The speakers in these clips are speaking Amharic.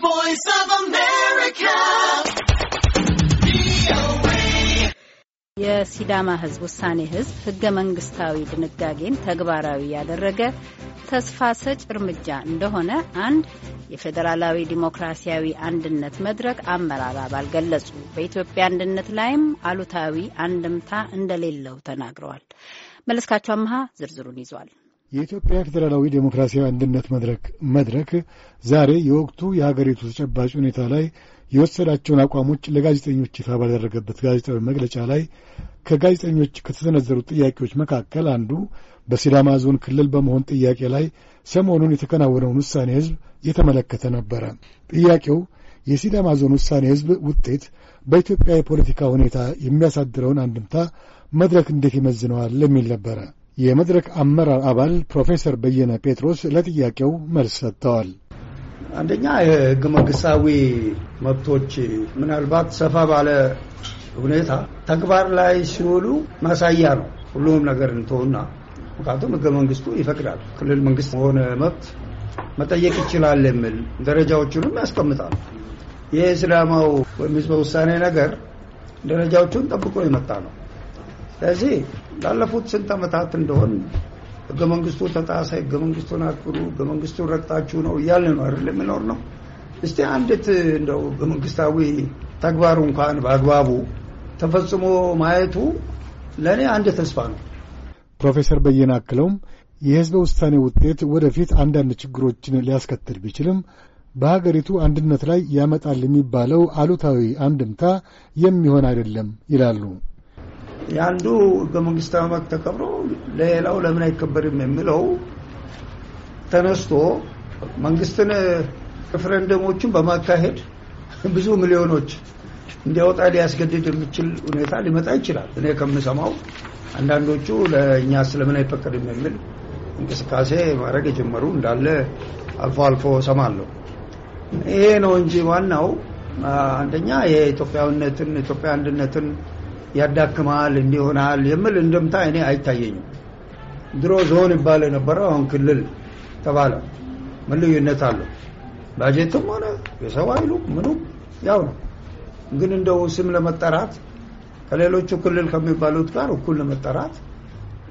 Voice of America. የሲዳማ ህዝብ ውሳኔ ህዝብ ህገ መንግስታዊ ድንጋጌን ተግባራዊ ያደረገ ተስፋ ሰጭ እርምጃ እንደሆነ አንድ የፌዴራላዊ ዲሞክራሲያዊ አንድነት መድረክ አመራር አባል ገለጹ። በኢትዮጵያ አንድነት ላይም አሉታዊ አንድምታ እንደሌለው ተናግረዋል። መለስካቸው አምሃ ዝርዝሩን ይዟል። የኢትዮጵያ ፌዴራላዊ ዴሞክራሲያዊ አንድነት መድረክ መድረክ ዛሬ የወቅቱ የሀገሪቱ ተጨባጭ ሁኔታ ላይ የወሰዳቸውን አቋሞች ለጋዜጠኞች ይፋ ባደረገበት ጋዜጣዊ መግለጫ ላይ ከጋዜጠኞች ከተሰነዘሩት ጥያቄዎች መካከል አንዱ በሲዳማ ዞን ክልል በመሆን ጥያቄ ላይ ሰሞኑን የተከናወነውን ውሳኔ ሕዝብ የተመለከተ ነበረ። ጥያቄው የሲዳማ ዞን ውሳኔ ሕዝብ ውጤት በኢትዮጵያ የፖለቲካ ሁኔታ የሚያሳድረውን አንድምታ መድረክ እንዴት ይመዝነዋል የሚል ነበረ። የመድረክ አመራር አባል ፕሮፌሰር በየነ ጴጥሮስ ለጥያቄው መልስ ሰጥተዋል። አንደኛ የሕገ መንግሥታዊ መብቶች ምናልባት ሰፋ ባለ ሁኔታ ተግባር ላይ ሲውሉ ማሳያ ነው። ሁሉም ነገር እንትሆና ምክንያቱም ህገ መንግስቱ ይፈቅዳል። ክልል መንግስት ሆነ መብት መጠየቅ ይችላል የሚል ደረጃዎቹንም ያስቀምጣል። ይህ እስላማው ወይም ህዝበ ውሳኔ ነገር ደረጃዎቹን ጠብቆ የመጣ ነው። ስለዚህ ላለፉት ስንት ዓመታት እንደሆን ህገ መንግስቱ ተጣሰ፣ ህገ መንግስቱን አክብሩ፣ ህገ መንግስቱን ረግጣችሁ ነው እያልን ነው አይደል የምኖር ነው። እስቲ አንዲት እንደው ህገ መንግስታዊ ተግባሩ እንኳን በአግባቡ ተፈጽሞ ማየቱ ለእኔ አንድ ተስፋ ነው። ፕሮፌሰር በየነ አክለውም የህዝበ ውሳኔ ውጤት ወደፊት አንዳንድ ችግሮችን ሊያስከትል ቢችልም በሀገሪቱ አንድነት ላይ ያመጣል የሚባለው አሉታዊ አንድምታ የሚሆን አይደለም ይላሉ። የአንዱ ህገ መንግስታዊ መብት ተከብሮ ለሌላው ለምን አይከበርም የሚለው ተነስቶ መንግስትን ሬፍረንደሞችን በማካሄድ ብዙ ሚሊዮኖች እንዲያወጣ ሊያስገድድ የሚችል ሁኔታ ሊመጣ ይችላል። እኔ ከምሰማው አንዳንዶቹ ለእኛ ስለምን አይፈቀድም የሚል እንቅስቃሴ ማድረግ የጀመሩ እንዳለ አልፎ አልፎ ሰማለሁ። ይሄ ነው እንጂ ዋናው አንደኛ የኢትዮጵያዊነትን ኢትዮጵያ አንድነትን ያዳክማል እንዲሆናል የሚል እንደምታ እኔ አይታየኝም። ድሮ ዞን ይባል የነበረው አሁን ክልል ተባለ። ምን ልዩነት አለው? ባጀትም ሆነ የሰው ኃይሉ ምኑ ያው ነው። ግን እንደው ስም ለመጠራት ከሌሎቹ ክልል ከሚባሉት ጋር እኩል ለመጠራት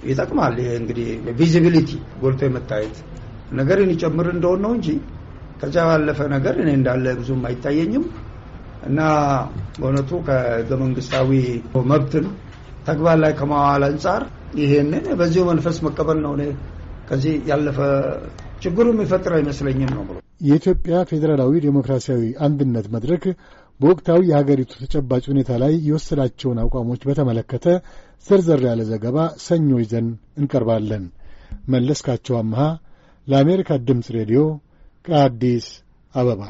ይጠቅማል። ይሄ እንግዲህ ቪዚቢሊቲ ጎልቶ የመታየት ነገርን ይጨምር እንደሆን ነው እንጂ ከዚያ ባለፈ ነገር እኔ እንዳለ ብዙም አይታየኝም። እና በእውነቱ ከህገ መንግስታዊ መብትን ተግባር ላይ ከማዋል አንጻር ይሄንን በዚሁ መንፈስ መቀበል ነው። እኔ ከዚህ ያለፈ ችግሩ የሚፈጥር አይመስለኝም ነው ብሎ የኢትዮጵያ ፌዴራላዊ ዴሞክራሲያዊ አንድነት መድረክ በወቅታዊ የሀገሪቱ ተጨባጭ ሁኔታ ላይ የወሰዳቸውን አቋሞች በተመለከተ ዘርዘር ያለ ዘገባ ሰኞ ይዘን እንቀርባለን። መለስካቸው አምሃ ለአሜሪካ ድምፅ ሬዲዮ ከአዲስ አበባ